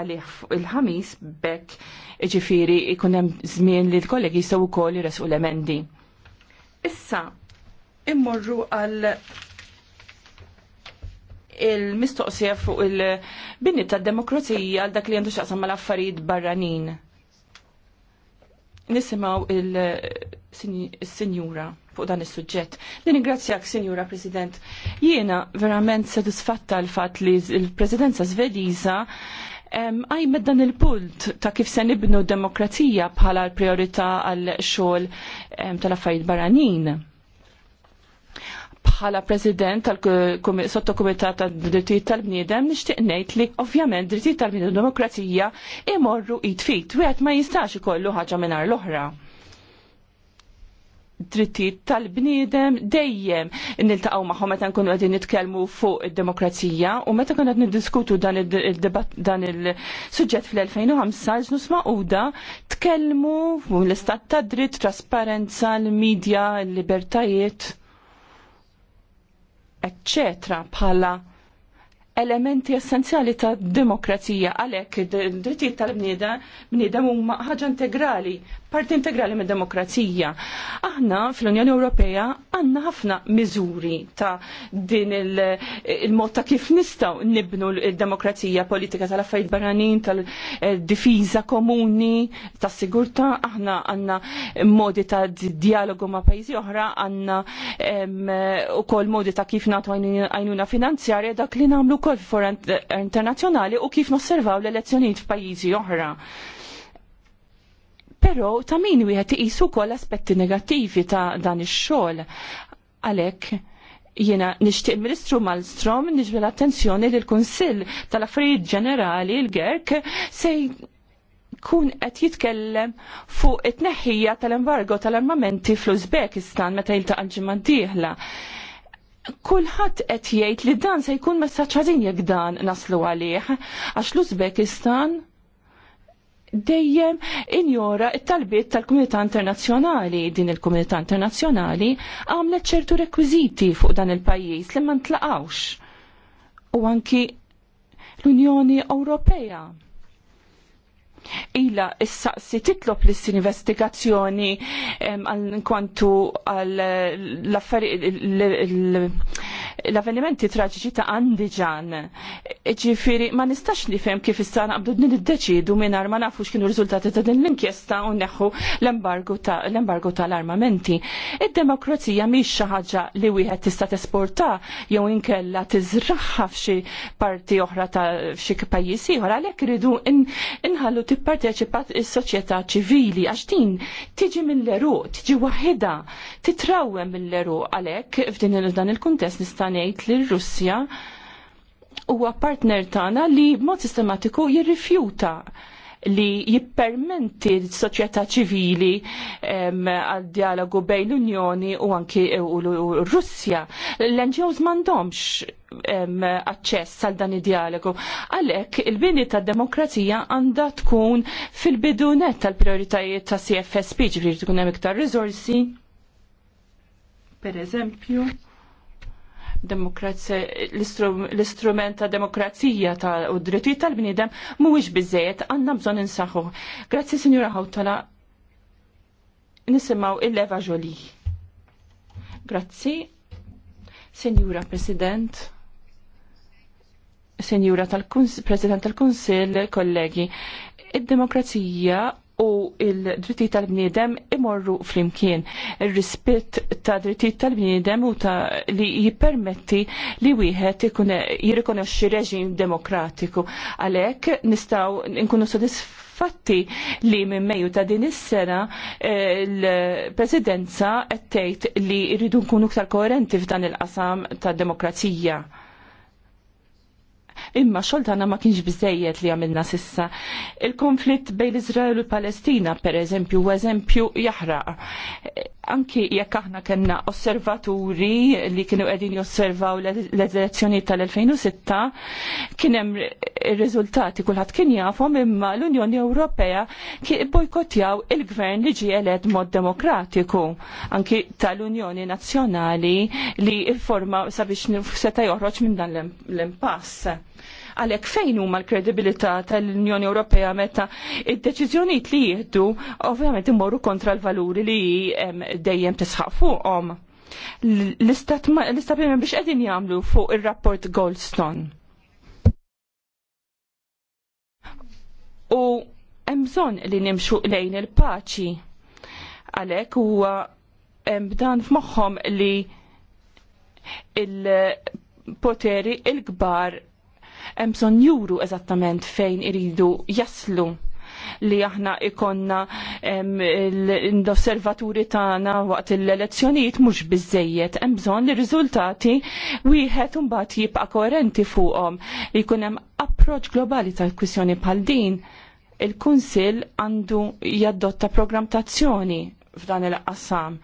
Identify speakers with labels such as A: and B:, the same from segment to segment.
A: għalih il-ħamis bekk ġifiri ikunem zmin li l-kollegi jistaw ukoll jiresqu l-emendi. Issa, immorru għal il-mistoqsija fuq il-bini ta' demokrazija għal dak li għandu xaqsam mal affarijiet barranin. Nisimaw il-sinjura fuq dan is-suġġett. Li ningrazzjak, Sinjura President. Jiena verament sedisfatta l-fatt li l-Presidenza Svediża għajmed dan il-punt ta' kif se nibnu demokrazija bħala l-priorità għal xogħol tal-affarijiet barranin. Bħala President tal-Sottokumitat tad-Drittijiet tal-Bniedem nixtieq ngħid li ovvjament drittijiet tal-bniedem demokrazija imorru id fit, wieħed ma jistax ikollu ħaġa mingħajr l-oħra drittijiet tal-bniedem dejjem niltaqgħu magħhom meta nkunu qegħdin nitkellmu fuq id-demokrazija u meta kien qed niddiskutu dan id debatt dan il-suġġett fl-2005 ġnus maquda tkellmu fuq l-istat ta' dritt, trasparenza, l-medja, l-libertajiet, eccetera bħala elementi essenzjali ta' demokrazija għalhekk id-drittijiet tal-bnieda bniedem huma ħaġa integrali, parti integrali mid demokrazija. Aħna fl-Unjoni Ewropea għandna ħafna miżuri ta' din il-mod ta' kif nistgħu nibnu l-demokrazija politika tal-affarijiet barranin, tal-difiża komuni, tas-sigurtà, aħna għandna modi ta' dialogu ma' pajjiżi oħra, għandna ukoll modi ta' kif nagħtu għajnuna finanzjarja dak li nagħmlu ukoll fora internazzjonali u kif nosservaw l-elezzjonijiet f'pajjiżi oħra. Però ta' min wieħed iqisu wkoll aspetti negattivi ta' dan ix-xogħol. Għalhekk jiena nixtieq Ministru Malmstrom niġbel l-attenzjoni li l-Kunsill tal-Affarijiet Ġenerali l-Gerk se kun qed jitkellem fuq it-tneħħija tal-embargo tal-armamenti fl-Uzbekistan meta jiltaqa' ġimgħa d-dieħla kulħadd qed jgħid li dan se jkun messaġġ ħażin jekk dan naslu għalih għax l-Uzbekistan dejjem injora it-talbiet tal-Kumunità Internazzjonali. Din il-Kumunità Internazzjonali għamlet ċertu rekwiżiti fuq dan il-pajjiż li ma ntlaqawx. U anki l-Unjoni Ewropea ila issa si titlob l investigazzjoni kontu għal l-affarijiet l-avvenimenti traġiċi ta' Andiġan. Ġifiri, ma nistax li fem kif issa d din id-deċidu minar ma nafux kienu riżultati ta' din l-inkjesta u neħu l-embargo tal-armamenti. Id-demokrazija mhix xi ħaġa li wieħed tista' tesporta jew inkella tiżraħħa f'xi parti oħra ta' f'xi pajjiż ieħor għalhekk iridu inħallu tipparteċipat is-soċjetà ċivili għax din tiġi mill-eruq, tiġi waħida, titrawem mill eru għalhekk f'din dan il-kuntest meta ngħid li r-Russja huwa partner tagħna li mod sistematiku jirrifjuta li jippermenti s-soċjetà ċivili għal dialogu bejn l-Unjoni u anki u l-Russja. L-NGOs mandomx aċċess għal dan id-dialogu. Għalhekk il-bini tad demokrazija għandha tkun fil-bidunet tal-prioritajiet ta' CFSP ġifieri tkun hemm iktar riżorsi. Per eżempju l-istrument ta' demokrazija ta' u drittijiet tal-bniedem mhuwiex biżejjed għandna bżonn insaħħu. Grazzi Sinjura Hawtala nisimgħu il leva Jolie. Grazzi, Sinjura President. Senjura tal-President tal-Kunsill, kollegi, id-demokrazija u il-dritti tal-bniedem imorru flimkien. Il-rispett ta' dritti tal-bniedem u ta' li jippermetti li wieħed jirrikonoxxi reġim demokratiku. Għalhekk nistgħu nkunu sodisfatti li minn Mejju ta' din is-sena eh, l-Presidenza qed tgħid li jridu nkunu ktar koerenti f'dan il-qasam tad demokrazija imma xoltana ma kienx bizzejiet li għamilna sissa. Il-konflitt bejn Izrael u Palestina, per eżempju, u eżempju jahraq anki jekk aħna kellna osservaturi li kienu qegħdin josservaw l-elezzjonijiet tal-2006 kien hemm ir-riżultati kulħadd kien jafhom imma l-Unjoni Ewropea bojkotjaw il-gvern li ġie eled mod demokratiku anki tal-Unjoni Nazzjonali li forma sabiex seta' joħroġ minn dan l-impass. Għalhekk fejn huma l-kredibilità tal-Unjoni Ewropea meta id-deċiżjonijiet li jieħdu ovvjament imorru kontra l-valuri li dejjem tisħaq fuqhom. L-istat biex qegħdin jagħmlu fuq ir-rapport Goldstone. U hemm bżonn li nimxu lejn il-paċi. Għalhekk huwa hemm bdan f'moħħhom li il-poteri il-kbar hemm bżonn juru eżattament fejn iridu jaslu li aħna ikonna l-osservaturi tagħna waqt l-elezzjonijiet mhux biżejjed hemm bżonn li riżultati wieħed imbagħad jibqa' koerenti fuqhom li jkun hemm approċċ globali tal-kwissjoni bħal din il-Kunsill għandu jaddotta programm tazzjoni f'dan il-qassam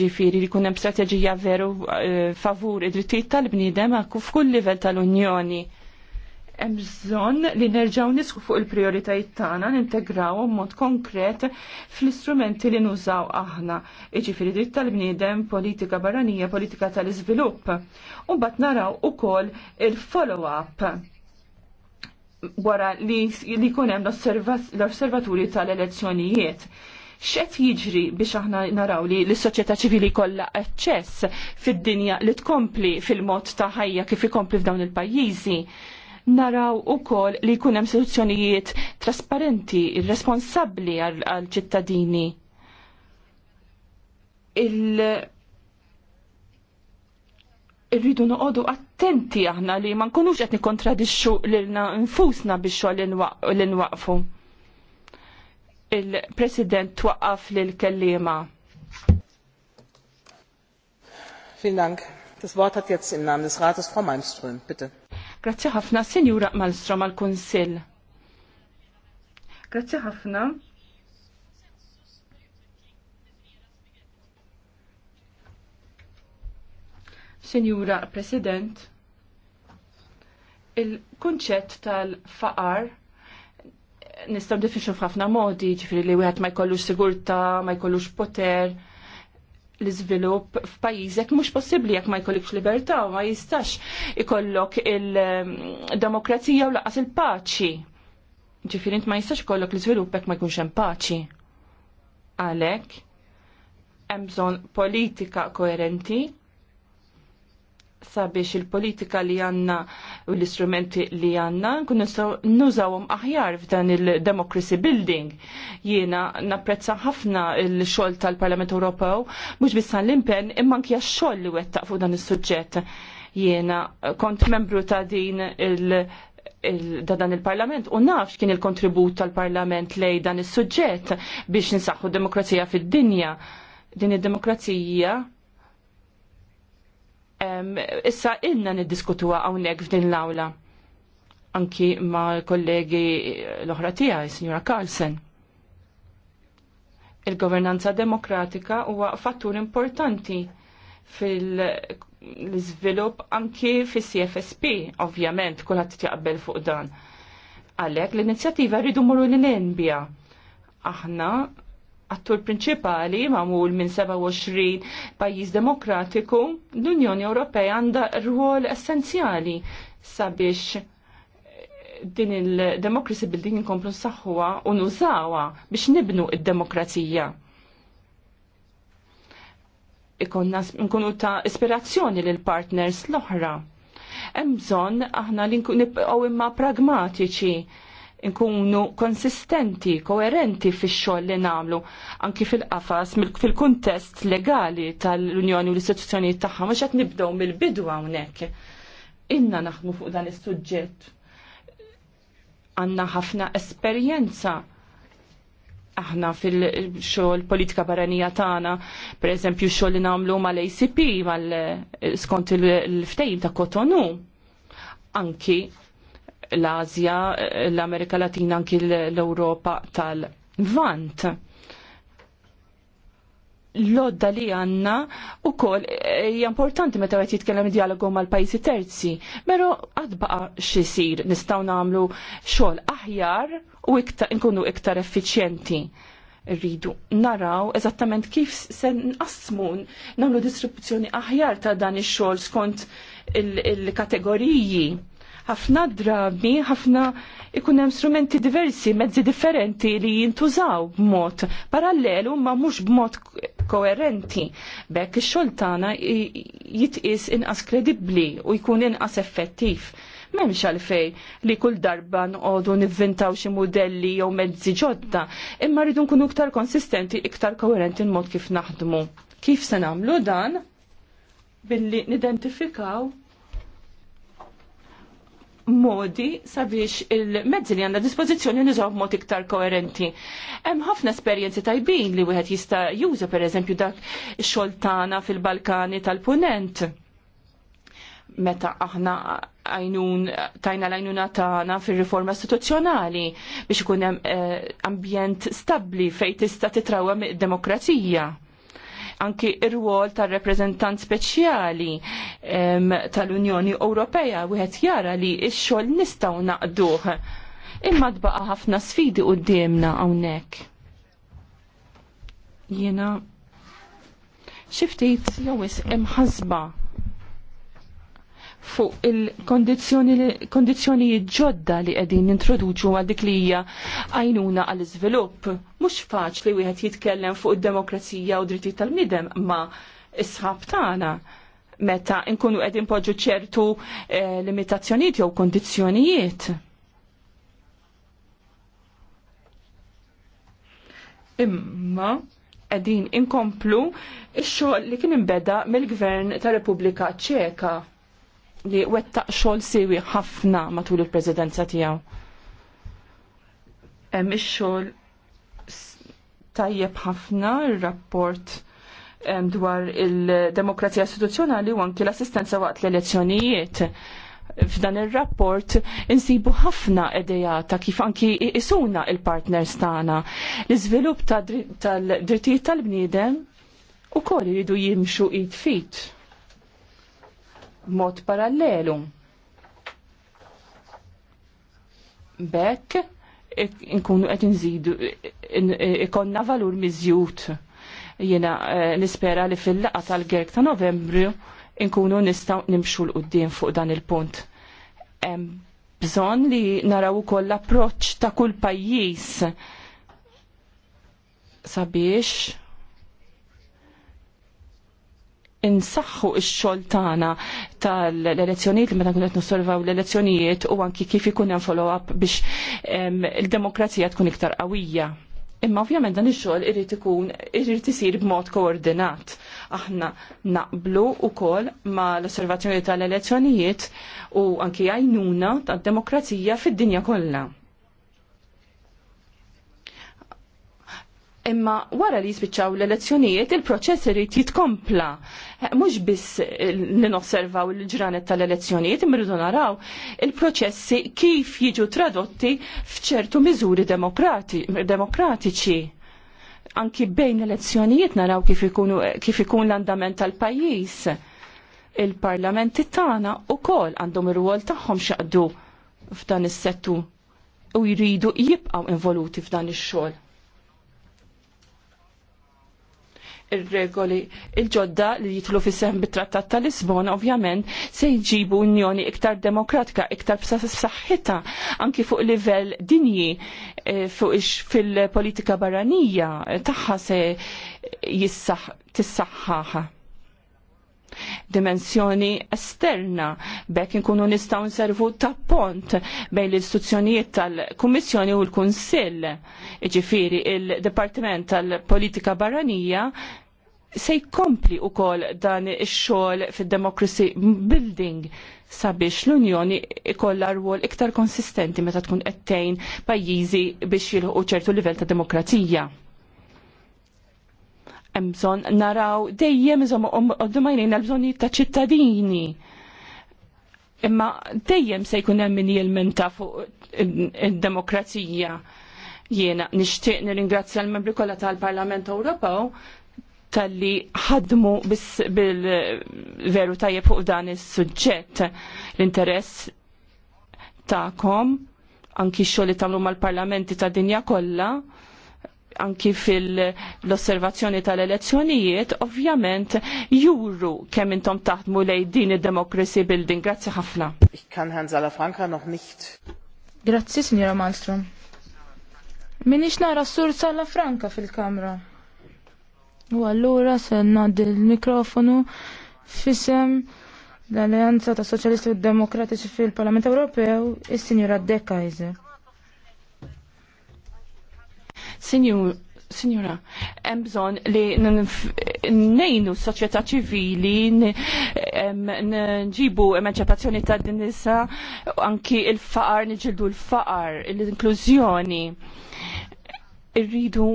A: ġifiri li kunem strategija veru eh, favur id-drittijiet tal-bniedem f'kull livell tal-Unjoni hemm bżonn li nerġgħu nisku fuq il-prijoritajiet tagħna nintegraw mod konkret fl-istrumenti li nużaw aħna, jiġifieri dritt tal-bniedem, politika barranija, politika tal-iżvilupp. U mbagħad naraw ukoll il-follow-up wara li, li jkun hemm l-osservaturi tal-elezzjonijiet x'qed jiġri biex aħna naraw li l-soċjetà ċivili kollha eċċess fid-dinja li tkompli fil-mod ta' ħajja kif ikompli f'dawn il-pajjiżi naraw ukoll li jkun hemm soluzzjonijiet trasparenti, responsabli għal ċittadini. Il irridu noqogħdu attenti aħna li ma nkunux qed nikkontradixxu lilna nfusna biex xogħol li nwaqfu. Il-President twaqqaf lil kellima. Vielen Dank. Das Wort hat jetzt im Namen des Rates Frau Malmström. Bitte. Grazzi ħafna, Sinjura Malstrom għal kunsill Grazzi ħafna. Sinjura President, il-kunċett tal-faqar nistaw definixu f'ħafna modi, ġifiri li wieħed ma jkollux sigurta, ma jkollux poter, l-izvilup f'pajjiżek mhux possibbli jekk ma jkollikx libertà u ma jistax ikollok il-demokrazija u laqas il-paċi. Ġifieri ma jistax ikollok l-iżvilupp jekk ma jkunx hemm paċi. Għalhekk hemm bżonn politika koerenti sabiex il-politika li għanna u l-istrumenti li għanna kun nużawum aħjar f'dan il-democracy building. Jiena napprezza ħafna l-xol tal-Parlament Ewropew, mux bissan l-impen imman kja xol li wettaq fuq dan il-sujġet. Jiena kont membru ta' din il- da dan il-parlament u nafx kien il-kontribut tal-parlament lej dan il-sujġet biex nsaħħu demokrazija fid-dinja. Din id-demokrazija issa inna niddiskutuha hawnhekk f'din l-awla. Anki ma' kollegi l-oħra tiegħi, Signora Carlsen. Il-governanza demokratika huwa fattur importanti fil-iżvilupp anki fis-CFSP, ovvjament, kulħadd jaqbel fuq dan. Għalhekk l-inizjattiva rridu morru l bija. Aħna attur prinċipali mamul minn 27 pajjiż demokratiku, l-Unjoni Ewropea għandha rwol essenzjali sabiex eh, din il-democracy building inkomplu saħħuwa u nużawha biex nibnu id-demokrazija. Ikonna nkunu ta' ispirazzjoni l partners l-oħra. Hemm bżonn aħna li nibqgħu imma pragmatiċi nkunu konsistenti, koerenti fix xogħol li nagħmlu anki fil-qafas fil-kuntest legali tal-Unjoni u l-istituzzjonijiet tagħha mhux qed nibdew mill-bidu hawnhekk. Inna naħdmu fuq dan is-suġġett. Għandna ħafna esperjenza aħna fil-xogħol politika barranija tagħna, pereżempju x-xogħol li nagħmlu mal-ACP mal skont il-ftejn ta' Kotonu. Anki l-Azja, l-Amerika Latina, anki l-Europa tal-Vant l-odda li għanna u kol hija eh, importanti meta għet jitkellem dialogu mal pajjiżi terzi, mero għadbaqa xisir nistaw namlu xol aħjar u iktar, nkunu iktar effiċjenti. Rridu naraw eżattament kif se nqasmun namlu distribuzzjoni aħjar ta' dan ix-xogħol skont il-kategoriji. il kategoriji ħafna drabi, ħafna ikun hemm strumenti diversi, mezzi differenti li jintużaw b'mod parallelu ma mhux b'mod koerenti. Bekk ix-xogħol tagħna jitqis inqas kredibbli u jkun inqas effettiv memx għalfej li kull darba nqodu nivvintaw xi modelli jew mezzi ġodda, imma rridu nkunu iktar konsistenti, iktar koherenti mod kif naħdmu. Kif se nagħmlu dan? Billi nidentifikaw modi sabiex il-mezzi li għanna dispozizjoni nizaw mod iktar koerenti. Hemm ħafna esperjenzi tajbin li wieħed jista' juża pereżempju dak xoltana fil-Balkani tal-Punent. Meta aħna għajnun, tajna l-għajnuna tagħna fir-riforma istituzzjonali biex ikun hemm eh, ambjent stabbli fejn tista' titrawha demokrazija anki ir-rwol tal-reprezentant speċjali tal-Unjoni Ewropea wieħed jara li x-xogħol nistgħu naqduh. Imma tbaqa' ħafna sfidi d hawnhekk. Jiena xi ftit jowis imħazba fuq il-kondizjonijiet ġodda li qegħdin introduċu għal dik li hija għajnuna għall iżvilupp Mhux faċli wieħed jitkellem fuq id-demokrazija u drittijiet tal-bniedem ma' isħab tagħna meta nkunu qegħdin poġġu ċertu eh, limitazzjonijiet jew kondizzjonijiet. Imma qegħdin inkomplu x-xogħol li kien imbeda mill-Gvern tar Repubblika Ċeka li wettaq xogħol siwi ħafna matul il-presidenza tiegħu. Hemm ix-xogħol tajjeb ħafna il rapport dwar il-demokrazija istituzzjonali u anki l-assistenza waqt l-elezzjonijiet f'dan il-rapport insibu ħafna ta' kif anki isuna il-partners tagħna. L-iżvilupp tal-drittijiet tal-bniedem u koll jridu jimxu id fit mod parallelu. Bekk nkunu qed nżidu ikonna valur miżjud. Jiena eh, nispera li fil-laqa tal-Gerk ta' Novembru nkunu nistgħu nimxu l qudiem fuq dan il-punt. Bżonn li naraw ukoll l-approċċ ta' kull pajjiż sabiex insaħħu x-xogħol tagħna tal-elezzjonijiet li meta nkunu qed nossolvaw l-elezzjonijiet u anki kif ikun hemm follow-up biex il-demokrazija tkun iktar qawwija. Imma ovvjament dan ix-xogħol irid ikun irid isir b'mod koordinat. Aħna naqblu wkoll ma l-osservazzjoni tal-elezzjonijiet u anki għajnuna tad-demokrazija fid-dinja kollha Imma wara li jispiċċaw l-elezzjonijiet, il-proċess irrit jitkompla. Eh, mhux biss eh, li nosservaw il-ġranet tal-elezzjonijiet, imridu naraw il-proċessi kif jiġu tradotti f'ċertu miżuri demokratiċi. Anki bejn l elezzjonijiet naraw eh, kif ikun l-andament tal-pajjiż. Il-parlamenti tagħna kol għandhom ir ruol tagħhom xaqdu f'dan is-settu u jridu jibqgħu involuti f'dan ix-xogħol ir-regoli il-ġodda li jitlu fis bit-Trattat ta' Lisbona ovvjament se jġibu unjoni iktar demokratika, iktar b'saħħitha anki fuq livell dinji eh, fuq fil-politika barranija eh, tagħha se jissaħ tissaħħaħa dimensjoni esterna bekk inkunu nistgħu nservu ta' pont bejn l-istituzzjonijiet tal-Kummissjoni u l-Kunsill. Ġifiri, il-Dipartiment tal-Politika Barranija se jkompli wkoll dan ix-xogħol fid-democracy building sabiex l-Unjoni ikollha rwol iktar konsistenti meta tkun qed tgħin pajjiżi biex jilħu ċertu livell ta' demokrazija. Emson naraw dejjem iżom għoddumajnejn għal-bżonijiet ta' ċittadini. Imma dejjem se jkun hemm min jilmenta fuq id-demokrazija. Jiena nixtieq nirringrazzja l-membri kollha tal-Parlament Ewropew tal-li ħadmu bil-veru tajjeb fuq dan is-suġġett l-interess ta'kom anki xogħol li tagħmlu mal-parlamenti ta' dinja kollha anki fil-osservazzjoni tal-elezzjonijiet, ovvjament juru kemm intom taħdmu lej din id-democracy building. Grazzi ħafna. Ich kann Herrn Salafranca noch nicht. Grazzi,
B: Signora Malmström. Minix nara s-sur Salafranca fil-kamra. U allura se naddi l-mikrofonu fisem l-Alleanza ta' Soċjalisti u Demokratiċi fil-Parlament Ewropew, is-Signora De
A: Signora, hemm bżonn li ngħinu s-soċjetà ċivili nġibu emanċipazzjoni ta' din nisa anki il-faqar niġildu l-faqar, l-inklużjoni. Irridu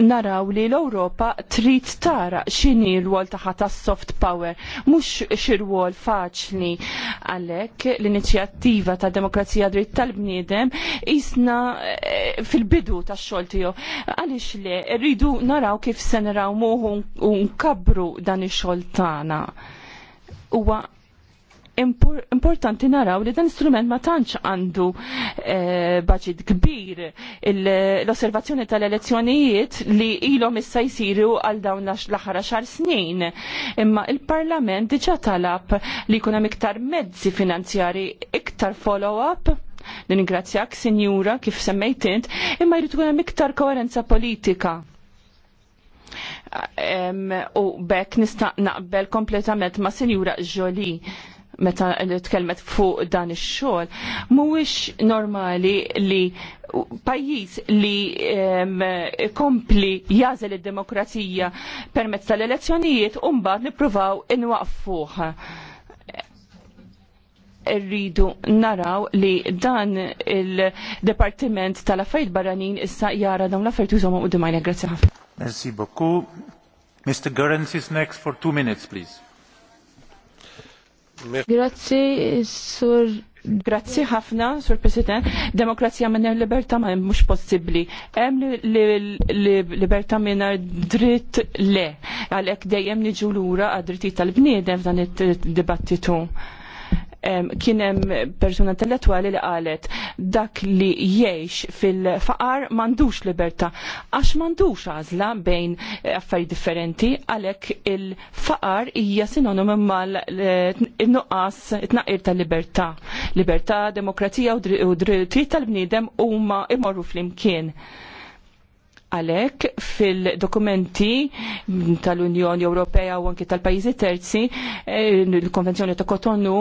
A: naraw li l-Europa trid tara x'inhi l-wol taħat tas-soft power, mhux xi rwol faċli għalhekk l-inizjattiva ta' demokrazija dritt tal-bniedem isna eh, fil-bidu tax-xogħol tiegħu. Għaliex le rridu naraw kif se naraw moħu nkabru dan ix-xogħol tagħna. Huwa importanti naraw li dan instrument ma tantx għandu eh, budget kbir l-osservazzjoni tal-elezzjonijiet li ilhom issa jsiru għal dawn l-aħħar xar snin. Imma il-Parlament diġà talab li jkun hemm iktar mezzi finanzjari, iktar follow-up Ningrazzjak, Sinjura, kif semmejt int, imma jrid ikun hemm iktar koerenza politika u bekk nista' naqbel kompletament ma' Sinjura Jolie meta tkellmet fuq dan ix-xogħol, mhuwiex normali li pajjiż li kompli jażel id-demokrazija permezz tal-elezzjonijiet u mbagħad nippruvaw inwaqfuh rridu naraw li dan il-Departiment tal-Affarijiet Barranin issa jara dawn l-affarijiet użhom u dimajna. Grazzi ħafna.
B: Merci beaucoup. Mr. Gurrens is next for two minutes, please.
A: Grazzi, sur. Grazzi ħafna, Sur President. Demokrazija minn libertà ma mhux possibbli. Hemm libertà minn dritt le. Għalhekk dejjem niġu lura għad dritti tal-bniedem f'dan id-dibattitu. Kien hemm persuna intellettwali li qalet dak li jgħix fil-faqar m'għandux libertà għax m'għandux għażla bejn eh, affarijiet differenti għalhekk il-faqar hija sinonimu mal-nuqqas eh, tnaqqir tal-libertà. Libertà, demokrazija u dritti tal-bniedem huma imorru flimkien. Għalek fil-dokumenti tal-Unjoni Ewropea u anki tal pajjiżi Terzi, eh, il-Konvenzjoni ta' Kotonu,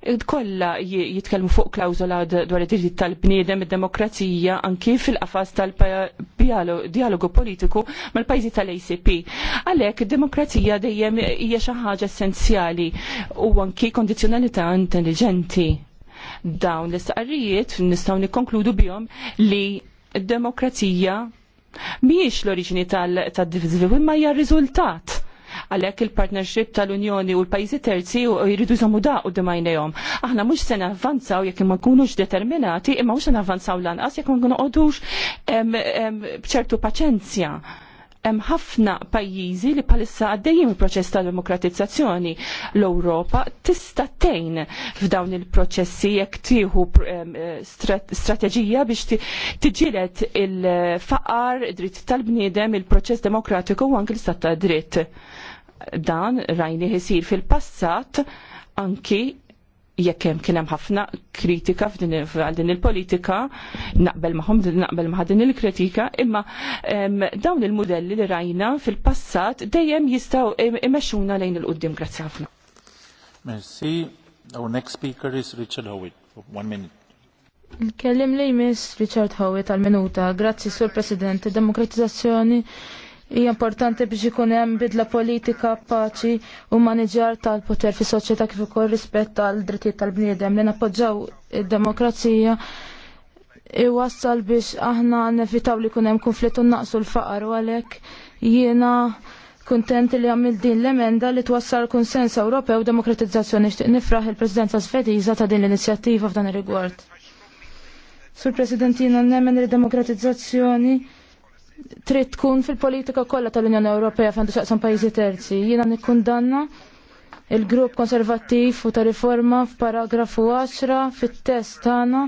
A: eh, kolla jitkellmu fuq klawzola dwar id-diritti tal-bniedem, id-demokrazija, anki fil-qafas tal-dialogu politiku mal pajjiżi tal-ACP. Għalek id-demokrazija dejjem hija xi ħaġa essenzjali u anki kondizjonalità intelligenti dawn l-istqarrijiet nistgħu nikkonkludu bihom li d-demokrazija Miex l-oriġini tal-divizvi, imma hija riżultat għalhekk il-partnership tal-Unjoni u l pajzi terzi u jridu jżommu da u dimajnejhom. Aħna mhux se avvanzaw jekk ma kunux determinati, imma mhux se navvanzaw lanqas jekk ma kunux bċertu paċenzja hemm ħafna pajjiżi li bħalissa għaddejjin il-proċess tal demokratizzazzjoni. L-Ewropa tista' tgħin f'dawn il-proċessi jekk tieħu ehm, strateġija biex tiġilet il-faqar, dritt tal-bniedem, il-proċess demokratiku u anke l-istat ta' dritt. Dan rajni ħisir fil-passat anki jekk hemm kien hemm ħafna kritika għal din il-politika, naqbel magħhom naqbel ma' din il-kritika, imma dawn il-modelli li rajna fil-passat dejjem jistgħu imexxuna lejn il-qudiem grazzi ħafna.
B: Merci. Our next speaker is Richard Howitt. One minute.
A: Il-kellim li jmiss Richard Howitt
B: għal-minuta. Grazzi, Sur President. Demokratizzazzjoni Hija importanti biex ikun hemm bidla politika, paċi u maniġjar tal-poter fis soċjetà kif ukoll rispett tal-drittijiet tal-bniedem li nappoġġaw id-demokrazija iwassal biex aħna nevitaw li kun hemm konflitt u naqsu l-faqar u għalhekk jiena kuntent li għamil din l-emenda li twassal konsens Ewropew demokratizzazzjoni xtieq nifraħ il-Presidenza Svediża ta' din l-inizjattiva f'dan ir-rigward. Sur Presidentina nemmen il-demokratizzazzjoni trid tkun fil-politika kollha tal-Unjoni Ewropea fejn tixaqsam pajjiżi terzi. Jiena nikkundanna il-grupp konservattiv u ta' riforma f'paragrafu 10 fit-test tagħna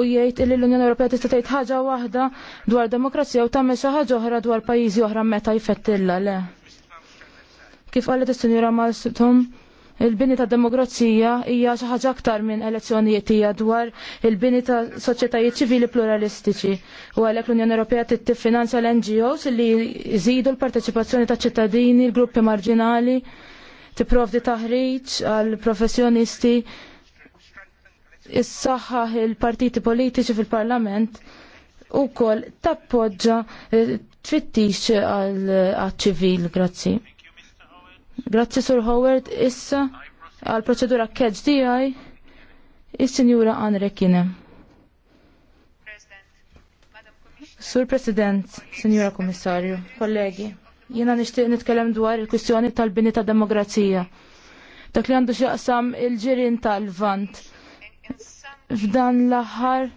B: u jgħid li l-Unjoni Ewropea tista' tgħid ħaġa waħda dwar demokrazija u tagħmel xi ħaġa oħra dwar pajjiżi oħra meta jfettilla le. Kif qalet is-Sinjura Malstom, Il-bini ta' demokrazija hija xi ħaġa aktar minn elezzjonijiet hija dwar il-bini ta' soċjetajiet ċivili pluralistiċi. U għalhekk l-Unjoni Ewropea tiffinanzja l-NGOs li jżidu l-parteċipazzjoni ta' ċittadini, l-gruppi marġinali, tipprovdi taħriġ għal professjonisti is-saħħa il-partiti politiċi fil-Parlament u kol tappoġġa eh, tfittix għal ċivil, grazzi. Grazzi Sur Howard, issa għal proċedura kedġ tiegħi is-Sinjura Anre Rekine. Sur President, Sinjura Komissarju, kollegi, jiena nixtieq nitkellem dwar il-kwistjoni tal-bini ta' demokrazija. Dak li għandu xaqsam il-ġirien tal-Vant. F'dan l-aħħar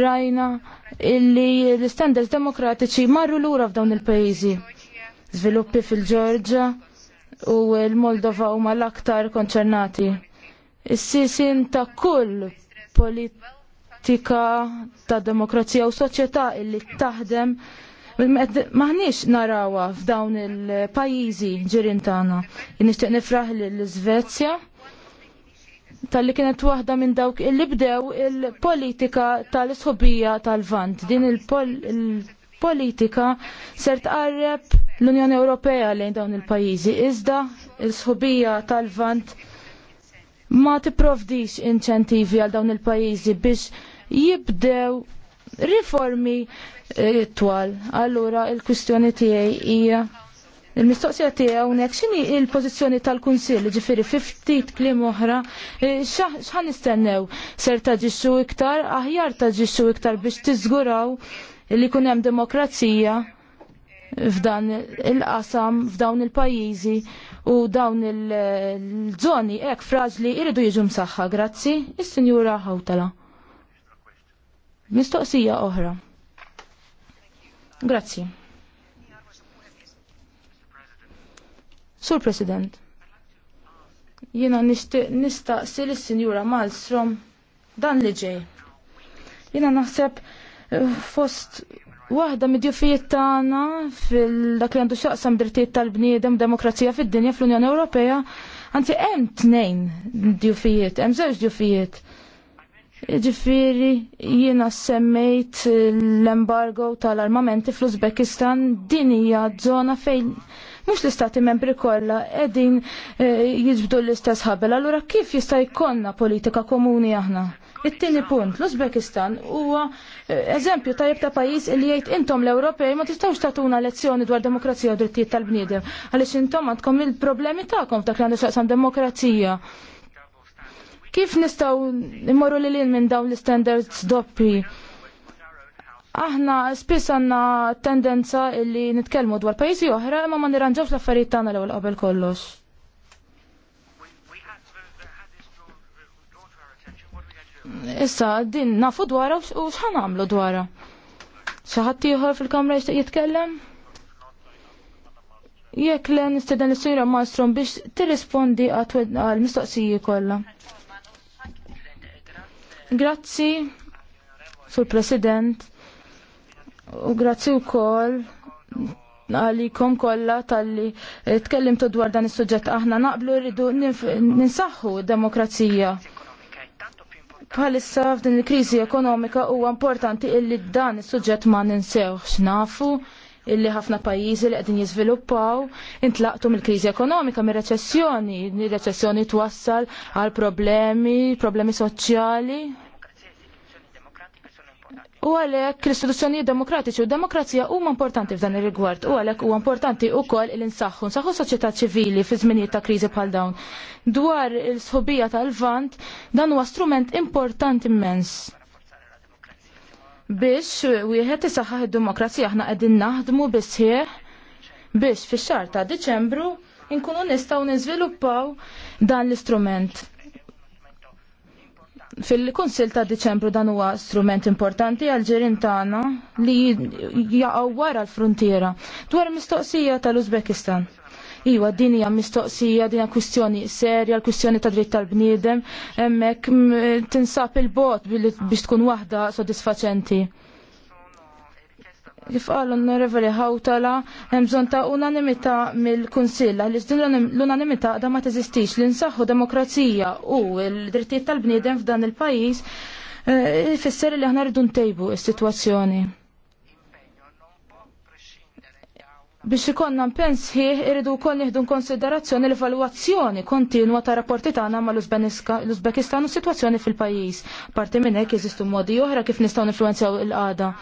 B: rajna illi l-standards demokratiċi marru lura f'dawn il-pajjiżi. Żviluppi fil-Ġorġa, u l-Moldova huma l-aktar konċernati. Is-sisin ta' kull politika ta' demokrazija u soċjetà illi taħdem Maħniex narawa f'dawn il-pajizi ġirin tagħna. Nixtieq nifraħ l-Svezja tal-li kienet waħda minn dawk illi bdew il-politika tal-isħobija tal-vant. Din il-politika ser tqarreb l-Unjoni Ewropea lejn dawn il-pajjiżi. Iżda l-sħubija il pajjiżi iżda l sħubija tal vant ma tipprovdix inċentivi għal dawn il-pajjiżi biex jibdew riformi eh, twal. Allura il-kwistjoni tiegħi hija Il-mistoqsija tiegħu hawnhekk x'inhi l-pożizzjoni tal-Kunsill, ġifieri fi ftit kliem oħra, eh, x'ħan nistennew ser taġixxu iktar, aħjar taġixxu iktar biex tiżguraw li jkun hemm demokrazija f'dan il-qasam f'dawn il-pajjiżi u dawn il-żoni hekk fraġli jridu jiġu msaħħa. Grazzi, is-Sinjura Hawtala. Mistoqsija oħra. Grazzi. Sur President, jiena nistaqsi l-Sinjura Malstrom dan li ġej. Jiena naħseb eh, fost Waħda mid-djufijiet tagħna fil-dak li għandu xaqsam drittijiet tal-bniedem demokrazija fid-dinja fl-Unjoni Ewropea, anzi hemm tnejn djufijiet, hemm żewġ djufijiet. Ġifiri, jiena semmejt l-embargo tal-armamenti fl-Uzbekistan, din hija żona fejn mhux l-istati membri kollha qegħdin eh, jiġbdu l-istess ħabel. Allura kif jista' jkollna politika komuni aħna? It-tieni punt, l-Uzbekistan huwa eh, eżempju tajjeb ta' pajjiż li jgħid intom l-Ewropej ma tistgħux tagħtuna lezzjoni dwar demokrazija u drittijiet tal-bniedem għaliex intom għandkom il-problemi tagħkom dak li għandu xaqsam demokrazija. Kif nistgħu immorru lil minn dawn l-standards doppi? Aħna spiss għandna tendenza illi nitkellmu dwar pajjiżi oħra imma ma nirranġawx l-affarijiet tagħna l-ewwel qabel kollox. issa din nafu dwara u x'ħan nagħmlu dwarha. Xi ieħor fil-kamra jista' jitkellem? Jekk le nisteden l sujra Malmstrom biex tirrispondi għal-mistoqsiji kollha. Grazzi, sur President, u grazzi u koll għalikom kolla tal-li tkellimtu dwar dan is-suġġett aħna naqblu rridu ninsaħħu demokrazija. Bħalissa f'din il-kriżi ekonomika huwa importanti illi dan is-suġġett ma ninsewx nafu illi ħafna pajjiżi li qegħdin jiżviluppaw intlaqtu mill-kriżi ekonomika, mir-reċessjoni, ir-reċessjoni twassal għal problemi, problemi soċjali, U għalhekk l-istituzzjonijiet demokratiċi u demokrazija huma importanti f'dan ir-rigward u għalhekk huwa importanti wkoll il insaħħu nsaħħu soċjetà ċivili fi żminijiet ta' kriżi bħal dawn. Dwar il-sħubija tal-vant dan huwa strument importanti immens biex wieħed isaħħaħ id-demokrazija aħna qegħdin naħdmu bisħieħ biex fix-xahar ta' Diċembru inkunu nistgħu niżviluppaw dan l-istrument. Fil-Kunsil ta' Diċembru dan huwa strument importanti għal ġirin tagħna li jaqgħu wara l-frontiera dwar mistoqsija tal-Uzbekistan. Iwa, din hija mistoqsija, din kwistjoni serja, l-kwistjoni ta' dritt tal-bniedem, hemmhekk tinsab il-bot biex tkun waħda sodisfaċenti. Kif fqal l-Onorevoli Hawtala, hemm bżonn ta' unanimità mill-Kunsill li din l-unanimità da ma teżistix li nsaħħu demokrazija u l-drittijiet tal-bniedem f'dan il-pajjiż eh, ifisser li aħna rridu ntejbu s-sitwazzjoni. Biex ikonna mpens ħieħ irridu wkoll nieħdu konsiderazzjoni l-evalwazzjoni kontinwa ta' rapporti tagħna ma' l-Uzbekistan u s-sitwazzjoni fil-pajjiż. Parti minn hekk jeżistu modi oħra kif nistgħu nifluenzjaw il-qagħda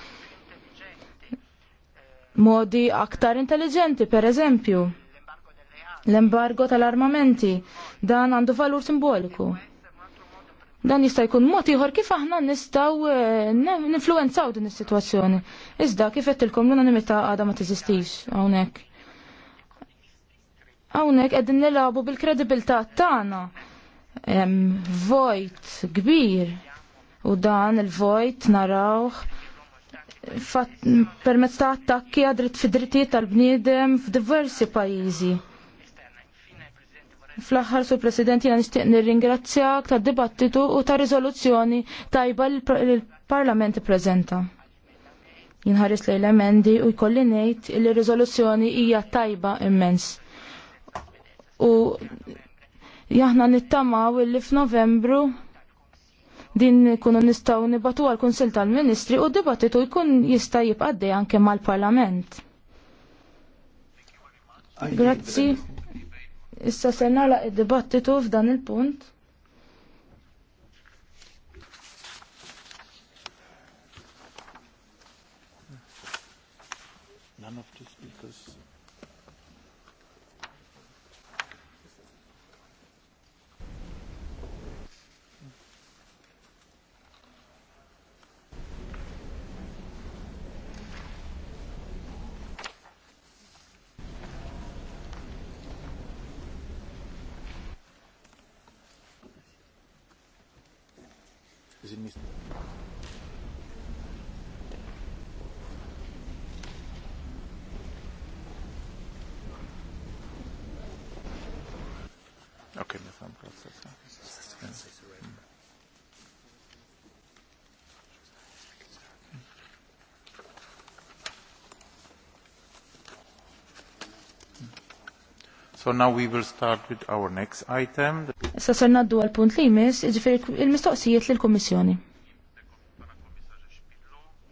B: modi aktar intelligenti, per eżempju. L-embargo tal-armamenti, dan għandu valur simboliku. Dan jista' jkun mod ieħor kif aħna nistgħu eh, ninfluwenzaw din is-sitwazzjoni. Iżda kif qed tilkom l-unanimità għadha ma tiżistix hawnhekk. Hawnhekk qegħdin nilagħbu bil-kredibilità tagħna. Vojt kbir u dan il-vojt narawh permezz ta' attakki għadrit fid tal-bniedem f'diversi pajjiżi. Fl-aħħar sur President jiena nixtieq nirringrazzjak tad dibattitu u ta' riżoluzzjoni tajba li l-Parlament ippreżenta. Jinħares lejn l-emendi u jkolli ngħid li riżoluzzjoni hija tajba immens. U jahna nittamaw li f'Novembru din kunu nistaw nibatu għal kunsil tal-ministri u dibattitu jkun jista' jibqaddej anke mal-parlament. Grazzi. Issa se nagħlaq id-dibattitu f'dan il-punt. Okay, no problem. Yeah.
A: So now we will start with our next item.
B: Sa ser naddu għal punt li jmiss, ġifir il-mistoqsijiet lill-Kummissjoni.